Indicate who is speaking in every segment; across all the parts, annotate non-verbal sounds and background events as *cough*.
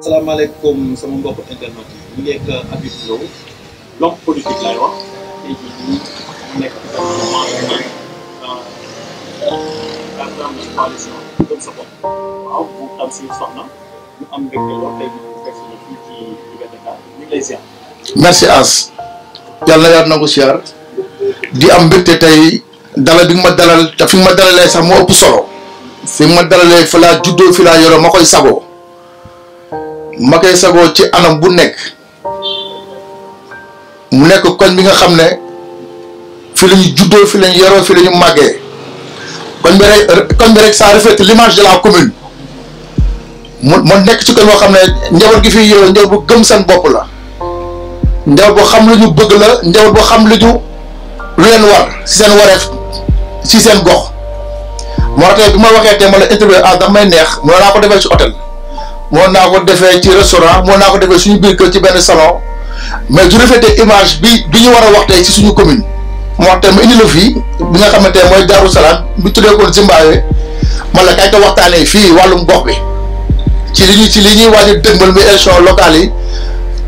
Speaker 1: Assalamualaikum semoga mbokk internet yi ñu nekk Habib Sow l'homme politique lay wax nga am une coalition gëm na ko ziar di am mbégte tey dalal bi nga ma dalal te fi nga ma dalalee sax moo ëpp solo fi nga ma dalalee fa laa juddoo fi laa yoroo ma koy sagoo ma koy sagoo ci anam bu nekk mu nekk koñ bi nga xam ne fi la ñu juddoo fi la ñu yoroo fi la ñu màggee. kon bi rek kon bi rek ça l'image de la commune mu mu nekk ci kon moo xam ne njaboot gi fi yow njaboot bu gëm seen bopp la njaboot boo xam lu ñu bëgg la njaboot boo xam lu ñu lu leen war si seen wareef si seen gox moo tax bi ma waxee te ma la interview ah daf may neex mën naa ko defee ci hôtel mën naa ko defee ci restaurant moo naa ko defee suñu biir kër ci benn salon mais du refléter image bi bi ñu war a wax tey si suñu commune moo tax ma indi fii bi nga xamante mooy Daaru Salaam bi tuddee ko Zimbabwe man la kay ko waxtaanee fii wàllum gox bi ci li ñuy ci li ñuy waaj a dëgmal muy élection locale yi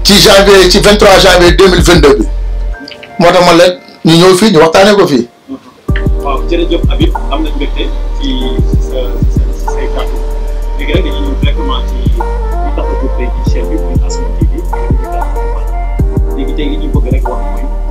Speaker 1: ci janvier ci 23 janvier 2022 bi moo tax man la ñu ñëw fii ñu waxtaanee ko fii. waaw am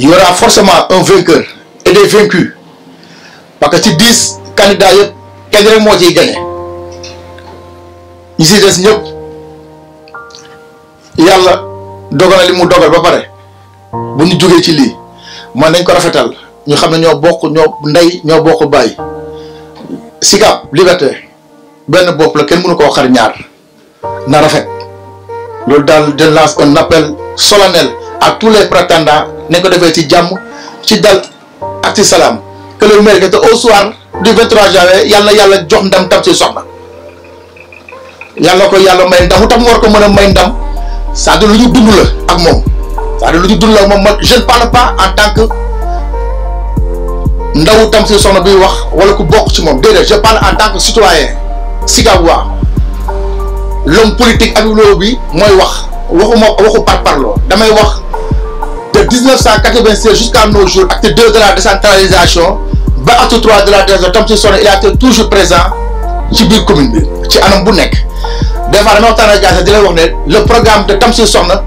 Speaker 1: il y forcement forcément un vainqueur et des parce que ci dix candidats yëpp kenn rek moo ciy gagné ñi si ñëpp yàlla dogal li mu dogal ba pare bu ñu jógee ci lii man nañ ko rafetal ñu xam ne ñoo bokk ñoo ndey ñoo bokk bàyyi Sicap Liberté benn bopp la kenn mënu ko xar ñaar na rafet loolu daal de lance un appel solennel ak tous les prétendants nañ ko defé ci jamm ci dal ak ci salam que le que au soir du 23 janvier yalla yalla jox ndam tam ci soxna yalla ko yalla may ndam tam war ko meuna may ndam ça de luñu dund la ak mom ça de luñu dund la mom je ne parle pas en tant que ndaw tam ci soxna bi wax wala ku bok ci mom dede je parle en tant que citoyen sigawa l'homme politique ak loo bi mooy wax waxuma waxu par parlo damay wax de 1996 jusqu'à nos jours, acte 2 de la décentralisation, ba acte 3 de la décentralisation, il a été toujours présent ci biir commune bi ci anam bu nekk des fois dama waxtaan ak Diatta wax ne le programme de Tamsir Sokhna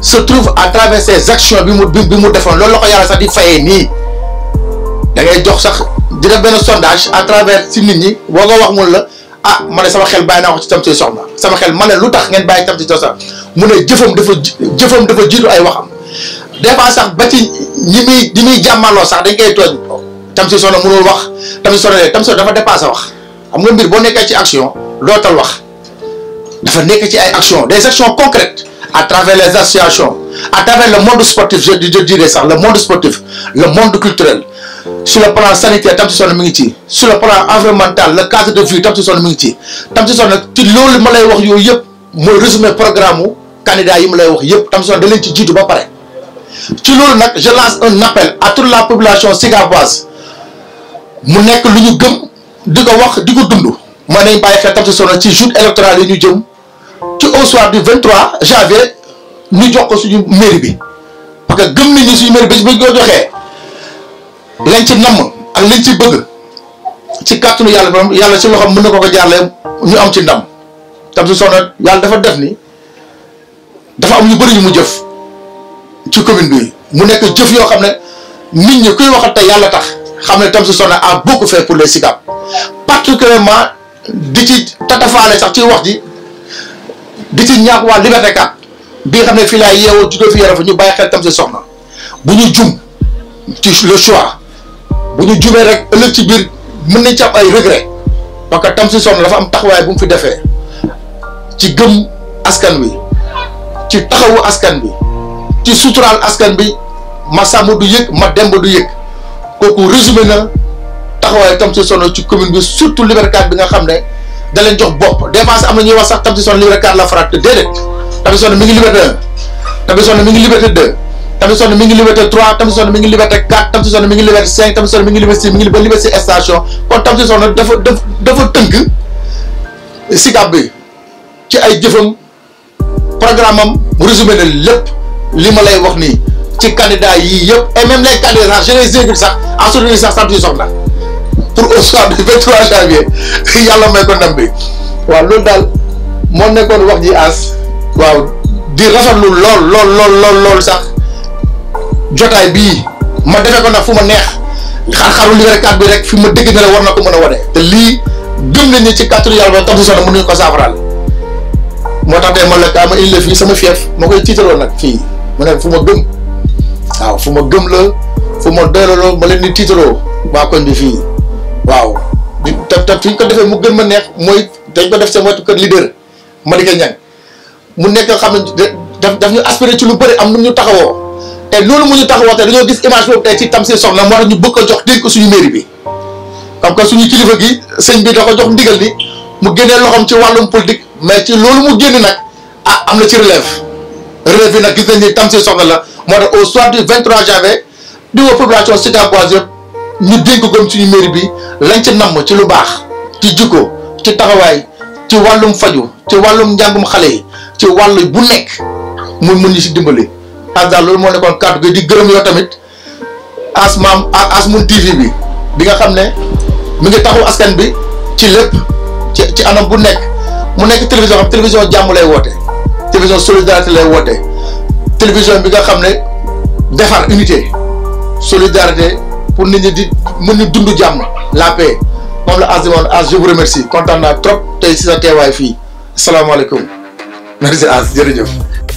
Speaker 1: se trouve à travers ses actions bi mu bi mu defoon loolu la ko yàlla sax di fayee nii da ngay jox sax di def sondage à travers si nit ñi woo nga wax mun la ah ma ne sama xel bàyyi naa ko ci Tamsir Sokhna sama xel ma ne lu tax ngeen bàyyi Tamsir Sokhna mu ne jëfam dafa jëfam dafa jiitu ay waxam des fois sax ba ci ñi muy di muy jàmmaloo sax dañ koy tooñ tam si soxna mënul wax tam si soxna tam si dafa dépassé wax xam nga mbir boo nekkee ci action dootal wax dafa nekk ci ay action des actions concrètes à travers les associations à travers le monde sportif je je dirais sax le monde sportif le monde culturel sur le plan sanitaire tam si soxna mi ngi ci sur le plan environnemental le cadre de vie tam si soxna mi ngi ci tam si soxna ci loolu ma lay wax yooyu yëpp mooy résumé programme candidat yi ma lay wax yëpp tam si soxna da leen ci jiitu ba pare. ci loolu nag je lance un appel à toute la population sigaboise mu nekk lu ñu gëm di ko wax di ko dund ma nañ bàyyi xel tam si sono ci jour électoral yi ñu jëm ci au soir du 23 janvier ñu jox ko suñu mairie bi parce que gëm nañ ni suñu mairie bi bañ ko joxee lañ ci namm ak lañ ci bëgg ci kàttanu yàlla borom yàlla ci loxoom mën na ko ko jaarle ñu am ci nam tam si sono yàlla dafa def ni dafa am ñu bëri ñu mu jëf ci commune bi mu nekk jëf yoo xam ne nit ñi kuy waxal tey yàlla tax xam ne Tamsir Sokhna a beaucoup fait pour les SICAP particulièrement di ci tatafaale sax ci wax ji di ci ñaax waa Liberté 4 bi xam ne fii laa yeewoo jugee fi yore fa ñu bàyyi xel Tamsir Sokhna bu ñu jum ci le choix bu ñu jumee rek ëllëg ci biir mën nañ ci am ay regret parce que tam si Sokhna dafa am taxawaay bu mu fi defee ci gëm askan wi ci taxawu askan wi ci suturaal askan bi ma sàmm du yëg ma demb du yëg kooku résumé na taxawaay Tamsir Sono ci commune bi surtout Liberté 4 bi nga xam ne da jox bopp des fois am na ñuy wax sax Tamsir Sono Liberté 4 la farat te déedéet Tamsir Sono mi ngi Liberté 1 Tamsir Sono mi ngi Liberté 2 Tamsir Sono mi ngi Liberté 3 Tamsir Sono mi ngi Liberté 4 Tamsir Sono si ngi Sono mi ngi Liberté 6 mi ngi Sono dafa dafa dafa tënk sikab bi ci ay jëfam programme am mu résumé na lépp li ma lay wax nii ci candidat yii yëpp et même les candidats je les ai sax en soutenir sax sant yu soxla pour au soir du 23 janvier *laughs* yàlla may ko ndam bi waaw loolu daal moo nekkoon wax ji as waaw di rafetlu lool lool lool lool lool sax jotaay bii ma defee ko nag fu ma neex xar-xaru Liberté 4 bi rek fu ma dégg ne war na ko mën a wane te lii gëm nañ ne ci kàttanu yàlla ba taxu soxna mënuñu ko saafaraal moo tax dee ma la kaa ma indi la fii sama fief ma koy tiitaloo nag fii mané fuma fumogum gëm waaw fuma gëm la fuma ma lo ma leen di tiitaloo ba ko ndi fi waaw di tap tap fi ko defé mu gëm ma neex moy dañ ko def seen moy ko leader ma di ko mu nekk xam daf daf ñu aspirer ci lu bari am ñu taxawo té loolu mu ñu taxawo té dañu gis image boobu tey ci ci Sokhna mo tax ñu bëgg jox dégg ko suñu mairie bi comme ko suñu kilifa gi señ bi dafa jox ndigal ni mu gëné loxam ci walum politique mais ci loolu mu génn nak ah amna ci relève relève yi nag gis nañ ni Tamsir Sokhna la moo tax au soir du 23 janvier di woo population Sicap Bois yëpp ñu dénk bi lañ ci namm ci lu baax ci jikko ci taxawaay ci wàllum faju ci wàllum njàngum xale yi ci wàllu bu nekk mu ñu si dimbali as loolu moo nekkoon kàddu gi di gërëm yoo tamit as maam as mun bi bi nga xam ne mi ngi taxaw askan bi ci lépp ci anam bu nekk mu nekk télévision xam télévision jàmm lay woote télévision solidarité lay woté télévision bi nga xamné défar unité solidarité pour nit ñi di mën ni dundu jamm la paix mom la Azimoon Az je vous remercie content na trop tay ci sa téway fi assalamu salaamaaleykum merci Az jërëjëf.